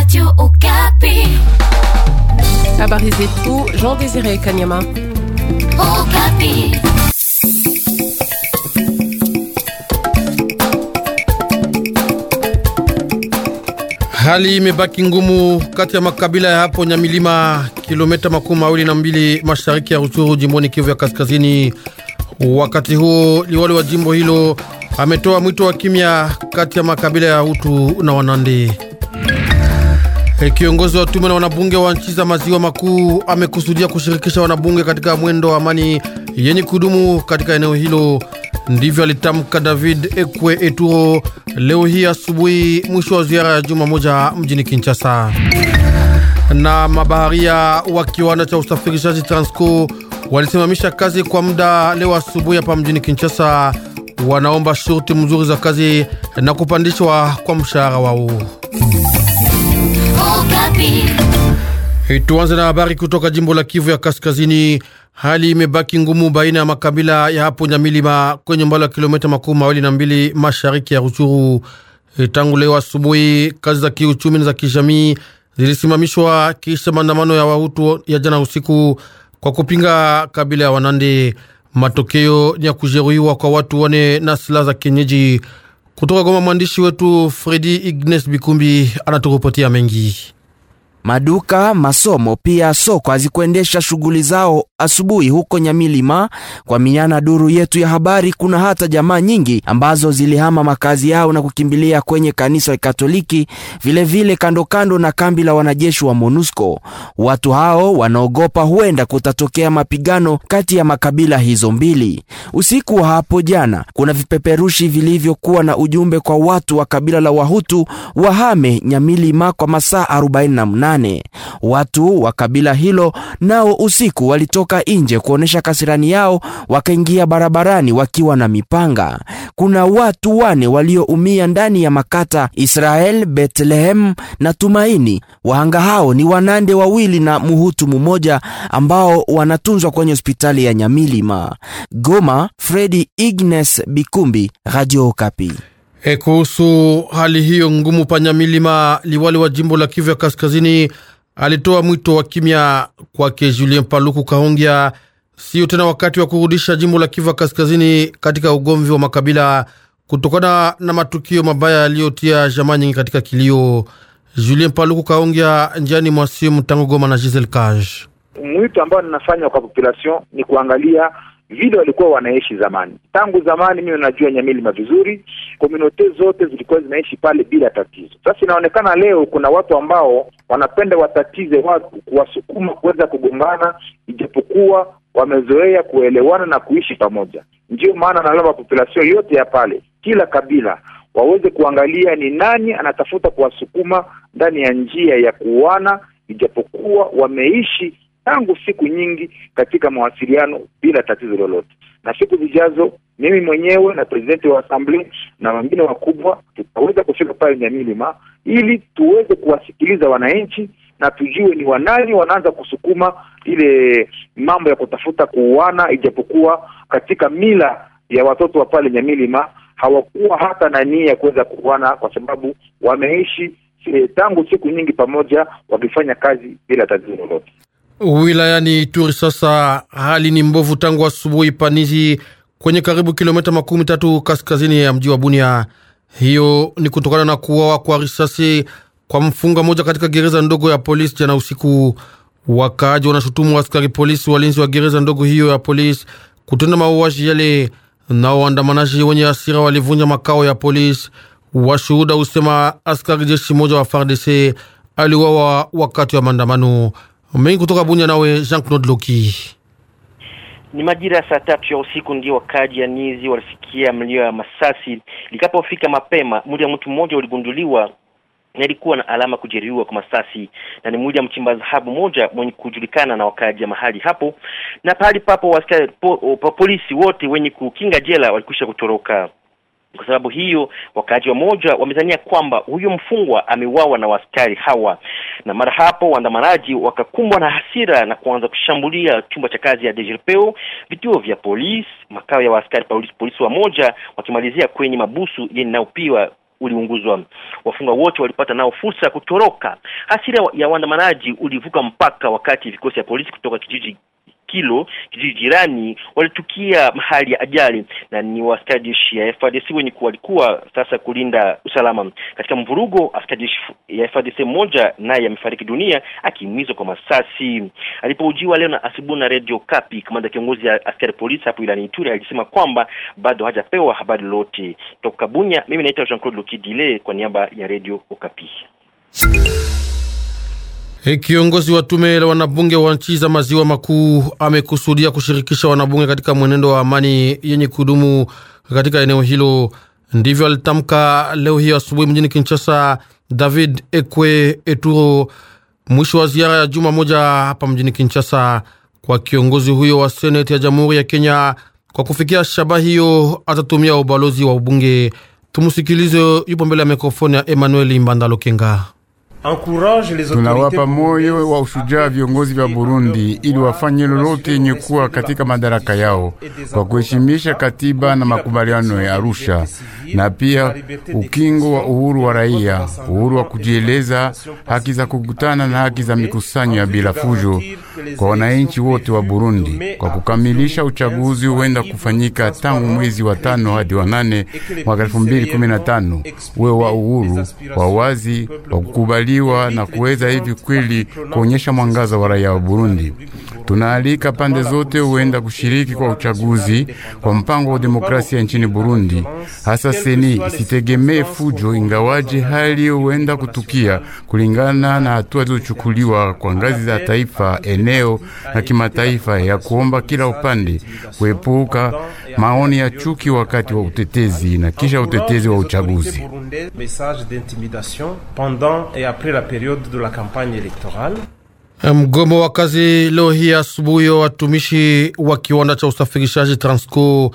Radio Okapi. Habari zetu Jean Désiré Kanyama. Okapi. Hali imebaki ngumu kati ya makabila ya hapo Nyamilima, kilomita makumi mawili na mbili mashariki ya Ruchuru, jimboni Kivu ya Kaskazini. Wakati huo liwali wa jimbo hilo ametoa mwito wa kimya kati ya makabila ya Hutu na Wanande. E, kiongozi wa tume na wanabunge wa nchi za maziwa makuu amekusudia kushirikisha wanabunge katika mwendo wa amani yenye kudumu katika eneo hilo. Ndivyo alitamka David Ekwe Eturo leo hii asubuhi, mwisho wa ziara ya juma moja mjini Kinshasa. Na mabaharia wa kiwanda cha usafirishaji Transco walisimamisha kazi kwa muda leo asubuhi hapa mjini Kinshasa. Wanaomba shurti mzuri za kazi na kupandishwa kwa mshahara wao. Tuanze na habari kutoka jimbo la Kivu ya Kaskazini. Hali imebaki ngumu baina ya makabila ya hapo Nyamilima kwenye umbali wa kilomita makumi mawili na mbili mashariki ya Ruchuru. Tangu leo asubuhi, kazi za kiuchumi na za kijamii zilisimamishwa kisha maandamano ya Wahutu ya jana usiku kwa kupinga kabila ya Wanande. Matokeo ni ya kujeruhiwa kwa watu wane na silaha za kienyeji. Kutoka Goma, mwandishi wetu Fredi Ignes Bikumbi anatukupatia mengi. Maduka, masomo pia soko hazikuendesha shughuli zao asubuhi huko Nyamilima. Kwa miana duru yetu ya habari, kuna hata jamaa nyingi ambazo zilihama makazi yao na kukimbilia kwenye kanisa Katoliki, vilevile kando kando na kambi la wanajeshi wa MONUSCO. Watu hao wanaogopa huenda kutatokea mapigano kati ya makabila hizo mbili. Usiku wa hapo jana, kuna vipeperushi vilivyokuwa na ujumbe kwa watu wa kabila la Wahutu wahame Nyamilima kwa masaa 48 nane. Watu wa kabila hilo nao usiku walitoka nje kuonesha kasirani yao, wakaingia barabarani wakiwa na mipanga. Kuna watu wane walioumia ndani ya makata Israel, Bethlehem na Tumaini. Wahanga hao ni wanande wawili na muhutu mmoja ambao wanatunzwa kwenye hospitali ya Nyamilima. Goma, Fredi Ignes Bikumbi, Radio Kapi. E, kuhusu hali hiyo ngumu, Panyamilima, liwali wa jimbo la Kivu ya Kaskazini alitoa mwito wa kimya kwake Julien Paluku Kahongya, sio tena wakati wa kurudisha jimbo la Kivu ya Kaskazini katika ugomvi wa makabila kutokana na matukio mabaya yaliyotia jamaa nyingi katika kilio. Julien Paluku Kahongya njiani mwa simu tangu Goma na Giselle Cage. Mwito ambao ninafanya kwa population ni kuangalia vile walikuwa wanaishi zamani. Tangu zamani, mimi najua Nyamilima vizuri, komunote zote zilikuwa zinaishi pale bila tatizo. Sasa inaonekana leo kuna watu ambao wanapenda watatize watu, kuwasukuma kuweza kugombana, ijapokuwa wamezoea kuelewana na kuishi pamoja. ndio maana nalomba populasio yote ya pale, kila kabila waweze kuangalia ni nani anatafuta kuwasukuma ndani ya njia ya kuuana, ijapokuwa wameishi tangu siku nyingi katika mawasiliano bila tatizo lolote, na siku zijazo mimi mwenyewe na presidenti wa asambli na wengine wakubwa tutaweza kufika pale Nyamilima ili tuweze kuwasikiliza wananchi na tujue ni wanani wanaanza kusukuma ile mambo ya kutafuta kuuana, ijapokuwa katika mila ya watoto wa pale Nyamilima hawakuwa hata na nia ya kuweza kuuana, kwa sababu wameishi eh, tangu siku nyingi pamoja wakifanya kazi bila tatizo lolote. Wilayani Ituri sasa hali ni mbovu tangu asubuhi panizi kwenye karibu kilomita makumi tatu kaskazini ya mji wa Bunia. Hiyo ni kutokana na kuwawa kwa risasi kwa mfunga moja katika gereza ndogo ya polisi jana usiku. Wakaaji wanashutumu askari polisi walinzi wa gereza ndogo hiyo ya polisi kutenda mauaji yale, nao waandamanaji wenye hasira walivunja makao ya polisi. Washuhuda usema askari jeshi moja wa FARDC aliwawa wakati wa maandamano. Mengi kutoka Bunya, nawe Jean Claude Loki. Ni majira ya saa tatu ya usiku ndio wakaji ya Nizi walifikia mlio ya masasi. Likapofika mapema, mwili ya mtu mmoja uligunduliwa na ilikuwa na alama kujeruhiwa kwa masasi, na ni mwili ya mchimba dhahabu mmoja mwenye kujulikana na wakaji ya mahali hapo, na pahali papo askari po, polisi wote wenye kukinga jela walikwisha kutoroka. Kwa sababu hiyo, wakaaji wa moja wamezania kwamba huyu mfungwa ameuawa na waskari hawa, na mara hapo waandamanaji wakakumbwa na hasira na kuanza kushambulia chumba cha kazi ya Degerpeo, vituo vya polisi, makao ya waskari polisi, polisi wa moja, wakimalizia kwenye mabusu yanayopiwa uliunguzwa. Wafungwa wote walipata nao fursa ya kutoroka. Hasira ya waandamanaji ulivuka mpaka wakati vikosi vya polisi kutoka kijiji Kilo kijiji jirani walitukia mahali ya ajali, na ni wastajeshi ya FARDC wenye walikuwa sasa kulinda usalama katika mvurugo. Astajeshi ya FARDC mmoja naye amefariki dunia akiumizwa kwa masasi. Alipoujiwa leo na asubuhi na Radio Kapi, kamanda kiongozi ya askari polisi hapo ilani Ituri alisema kwamba bado hajapewa habari lolote toka Bunya. Mimi naitwa Jean Claude Lukidile kwa niaba ya Radio Okapi. Kiongozi wa tume la wanabunge wa nchi za maziwa makuu amekusudia kushirikisha wanabunge katika mwenendo wa amani yenye kudumu katika eneo hilo. Ndivyo alitamka leo hii asubuhi mjini Kinshasa David Ekwe Eturo, mwisho wa ziara ya juma moja hapa mjini Kinshasa kwa kiongozi huyo wa seneti ya jamhuri ya Kenya. Kwa kufikia shaba hiyo, atatumia ubalozi wa ubunge. Tumusikilize, yupo mbele ya mikrofoni ya Emmanuel Mbandalo Kenga. Tunawapa moyo wa ushujaa viongozi vya Burundi ili wafanye lolote yenye kuwa katika madaraka yao kwa kuheshimisha katiba na makubaliano ya Arusha na pia ukingo wa uhuru wa raia, uhuru wa kujieleza, haki za kukutana na haki za mikusanyo ya bila fujo kwa wananchi wote wa Burundi, kwa kukamilisha uchaguzi huenda kufanyika tangu mwezi wa tano hadi wa nane mwaka 2015 uwe wa uhuru wa wazi wa kukubali kufunuliwa na kuweza hivi kweli kuonyesha mwangaza wa raia wa Burundi. Tunaalika pande zote huenda kushiriki kwa uchaguzi kwa mpango wa demokrasia nchini Burundi, hasa seni isitegemee fujo, ingawaje hali huenda kutukia kulingana na hatua zilizochukuliwa kwa ngazi za taifa, eneo na kimataifa, ya kuomba kila upande kuepuka maoni ya chuki wakati wa utetezi na kisha utetezi wa uchaguzi après la période de la campagne électorale. Eh, mgomo wa kazi leo hii asubuhi wa watumishi wa kiwanda cha usafirishaji Transco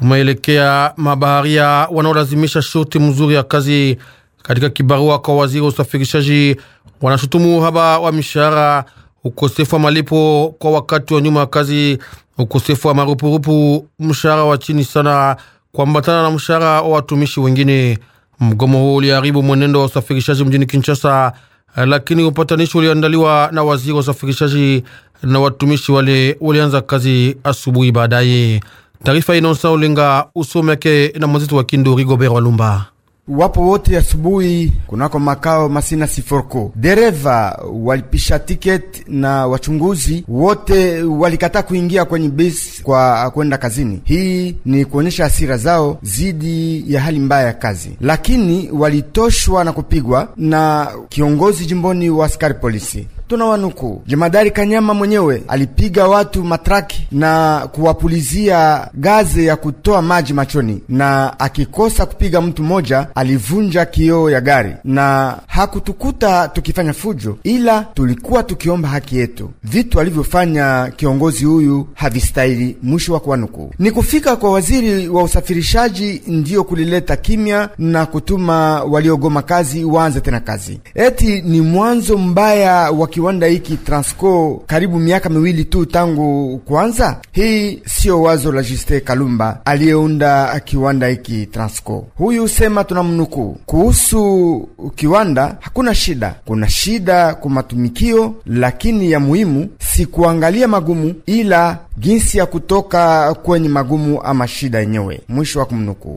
umeelekea mabaharia wanaolazimisha shurti mzuri ya kazi. Katika kibarua kwa waziri wa usafirishaji, wanashutumu uhaba wa mishahara, ukosefu wa malipo kwa wakati wa nyuma ya kazi, ukosefu wa marupurupu, mshahara wa chini sana kuambatana na mshahara wa watumishi wengine. Mgomo huo uliharibu mwenendo wa usafirishaji mjini Kinshasa, lakini upatanishi ulioandaliwa na waziri wa usafirishaji na watumishi wale walianza kazi asubuhi baadaye. Taarifa inonsa ulinga usomeke na mwenzetu wa Kindu Rigobert Walumba wapo wote asubuhi kunako makao Masina Siforko. Dereva walipisha tiketi na wachunguzi wote walikataa kuingia kwenye bisi kwa kwenda kazini. Hii ni kuonyesha hasira zao zidi ya hali mbaya ya kazi, lakini walitoshwa na kupigwa na kiongozi jimboni wa askari polisi tunawanuku Jemadari Kanyama mwenyewe alipiga watu matraki na kuwapulizia gazi ya kutoa maji machoni, na akikosa kupiga mtu mmoja alivunja kioo ya gari, na hakutukuta tukifanya fujo, ila tulikuwa tukiomba haki yetu. Vitu alivyofanya kiongozi huyu havistahili. Mwisho wa kuwanuku. Ni kufika kwa waziri wa usafirishaji ndiyo kulileta kimya na kutuma waliogoma kazi waanze tena kazi. Eti ni mwanzo mbaya wa kiwanda hiki Transco karibu miaka miwili tu tangu kuanza. Hii siyo wazo la Justin Kalumba aliyeunda kiwanda hiki Transco. Huyu sema tunamnukuu, kuhusu kiwanda hakuna shida, kuna shida kwa matumikio, lakini ya muhimu si kuangalia magumu, ila jinsi ya kutoka kwenye magumu ama shida yenyewe. Mwisho wa kumnukuu.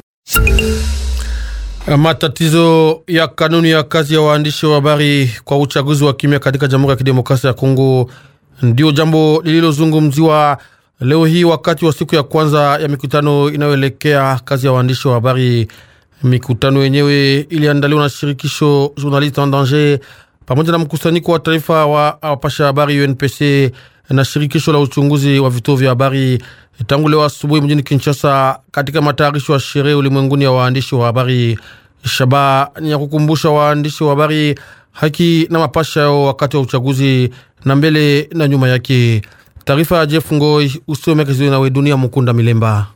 Eh, matatizo ya kanuni ya kazi ya waandishi wa habari kwa uchaguzi wa kimya katika Jamhuri ya Kidemokrasia ya Kongo ndio jambo lililozungumziwa leo hii wakati wa siku ya kwanza ya mikutano inayoelekea kazi ya waandishi wa habari. Mikutano yenyewe iliandaliwa na shirikisho Journaliste en Danger pamoja na mkusanyiko wa taifa wa wapasha habari UNPC na shirikisho la uchunguzi wa vituo vya habari tangu leo asubuhi mjini Kinshasa, katika matayarisho ya sherehe ulimwenguni ya waandishi wa habari. Shabaha ni ya kukumbusha waandishi wa habari haki na mapasha yao wakati wa uchaguzi na mbele na nyuma yake. Taarifa ya Jeff Ngoi, usiomeka na Wedunia dunia Mukunda Milemba.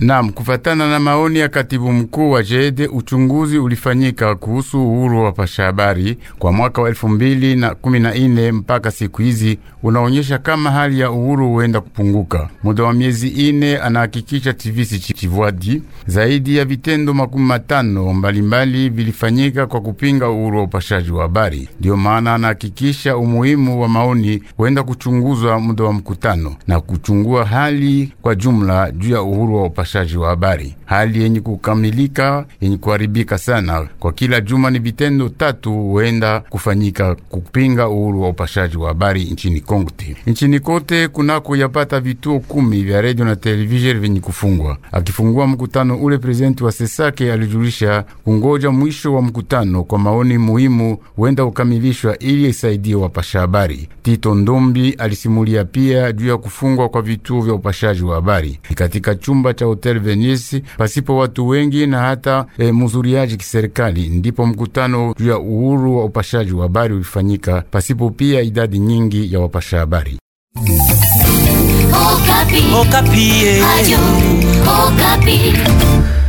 Naam, kufatana na maoni ya katibu mkuu wa JEDE, uchunguzi ulifanyika kuhusu uhuru wa pasha habari kwa mwaka wa elfu mbili na kumi na mpaka siku hizi unaonyesha kama hali ya uhuru huenda kupunguka. Muda wa miezi ine anahakikisha TVC Chivwadi, zaidi ya vitendo makumi matano mbalimbali vilifanyika kwa kupinga uhuru wa upashaji wa habari. Ndiyo maana anahakikisha umuhimu wa maoni huenda kuchunguzwa muda wa mkutano na kuchungua hali kwa jumla juu ya uhuru wa upashaji Praça de Uabari. hali yenye kukamilika yenye kuharibika sana. Kwa kila juma ni vitendo tatu huenda kufanyika kupinga uhuru wa upashaji wa habari nchini Kongote. Nchini kote kunako yapata vituo kumi vya redio na televisheni vyenye kufungwa. Akifungua mkutano ule, prezidenti wa Sesake alijulisha kungoja mwisho wa mkutano kwa maoni muhimu huenda kukamilishwa ili isaidie wapasha habari. Tito Ndombi alisimulia pia juu ya kufungwa kwa vituo vya upashaji wa habari katika chumba cha hotel Venice pasipo watu wengi na hata e, muzuriaji kiserikali. Ndipo mkutano juu ya uhuru wa upashaji wa habari ulifanyika pasipo pia idadi nyingi ya wapasha habari. Okapi. Okapi. Eh.